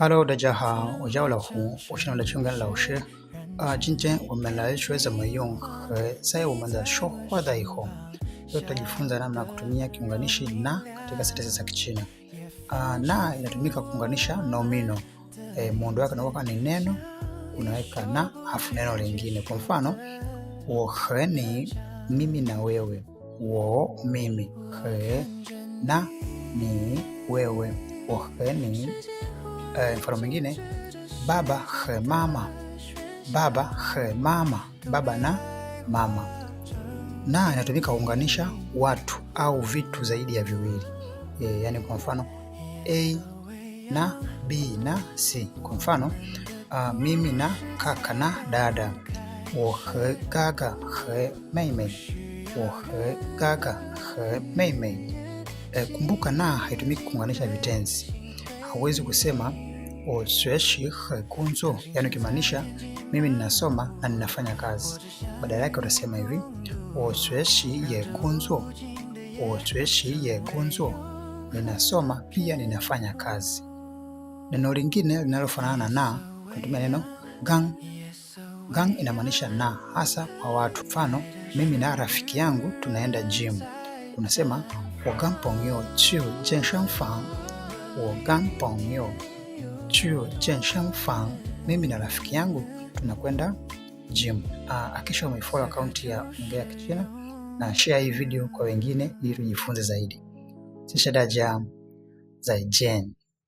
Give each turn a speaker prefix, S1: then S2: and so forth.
S1: Hello，大家好，我叫老胡，我是你们的情感老师啊、呃。今天我们来学怎么用和在我们的说话的以后 leo tutajifunza namna ya kutumia kiunganishi na katika sentensi za Kichina. Uh, na inatumika kuunganisha nomino e, muundo wake unakuwa ni neno, unaweka na afu neno lingine. Kwa mfano, wo he ni mimi na wewe, wo mimi, he na ni wewe, wo he ni Uh, mfano mwingine baba he, mama baba he, mama baba na mama. Na inatumika kuunganisha watu au vitu zaidi ya viwili e, yani kwa mfano A na B na C. Kwa mfano uh, mimi na kaka na dada wohe gaga he meimei wohe gaga he meimei. E, kumbuka na haitumiki kuunganisha vitenzi, hauwezi kusema usheshihe kunzo, yani ukimaanisha mimi ninasoma na ninafanya kazi, badala yake utasema hivi usheshiye kunzo, usheshiye kunzo, ninasoma pia ninafanya kazi. Neno lingine linalofanana na kutumia neno gang. Gang inamaanisha na, hasa kwa watu. Mfano, mimi na rafiki yangu tunaenda gym. Unasema wo gang yo chiu jenshan fang, wo gang yo chuo cha Shamfang, mimi na rafiki yangu tunakwenda gym. Hakikisha ah, umefollow akaunti ya Ongea Kichina na share hii video kwa wengine ili tujifunze zaidi. 这是大家再见。